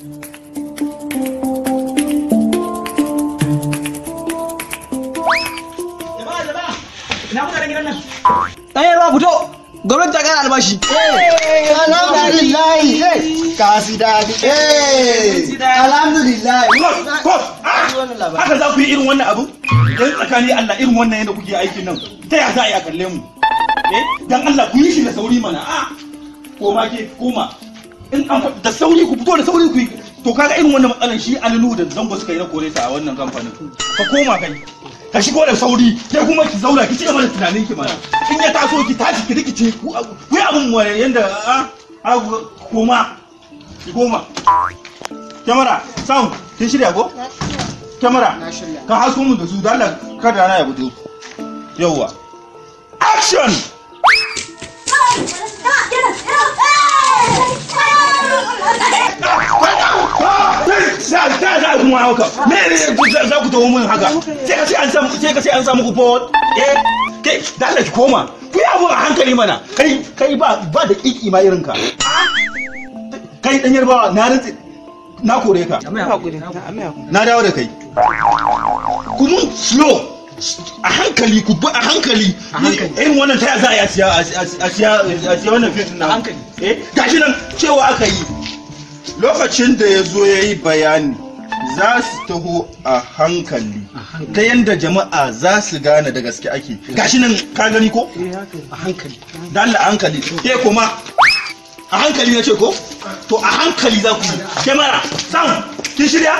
Ina kuka fito! Gwamnati ta ƙara albashi. Alhamdulillah! Ka da eh. Alhamdulillah! Haka za ku yi irin wannan abu? yanzu eh, tsakani Allah irin wannan yadda kuke aikin nan. Ta ya za a yi a kalle mu? Eh, dan Allah ku yi shi da sauri mana. A! Ah, koma ke, koma. in da sauri ku fito da sauri ku to kaga irin wannan matsalan shi alinu da zango suka yi na kore ta a wannan kamfanin ka koma kai ka shigo da sauri ke kuma ki zauna ki ci gaba da tunanin ki mana in ya taso ki tashi ki rikice ku yi abun wani yanda a a koma ki koma kyamara sound kin shirya ko kyamara ka haso mu da su dalla kada na ya gudu yawwa action za a kuma haka me ne za ku tawo mun haka sai ka sai an samu sai ka sai an samu ku forward eh kai da Allah ki koma ku ya bu hankali mana kai kai ba ba da kiki ma irin ka kai dan yarbawa na rantsi na kore ka na dawo da kai ku mun slow a hankali ku ba a hankali irin wannan ta za a siya a siya a siya wannan fiye na hankali eh gashi nan cewa aka yi lokacin da ya zo ya yi bayani za su taho a hankali ta yadda jama'a za su gane da gaske ake gashi nan ka gani ko eh, a hankali da Allah a hankali ke kuma a hankali na ce ko to a hankali za ku kemara sam kin shirya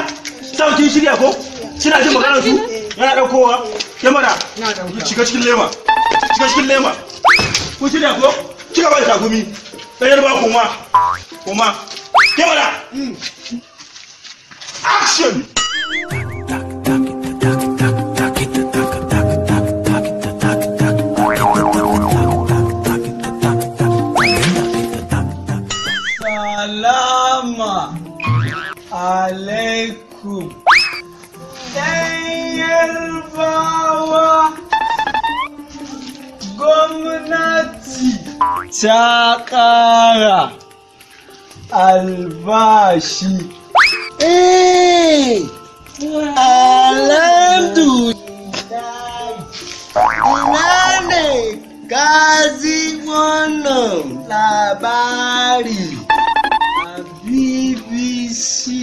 sam kin shirya ko kina jin magana su yana daukowa kemara shiga cikin lema shiga cikin lema ku shirya ko kika bai takumi ɗayar ba kuma kuma kemara hmm. Action! Salama alaikum. Yarbawa gwamnati ta ƙara albashi. alhamdulilayi gazi wọnà labari abibi si.